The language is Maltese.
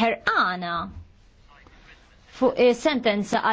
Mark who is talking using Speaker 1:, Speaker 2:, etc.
Speaker 1: ħerqana fuq sentenza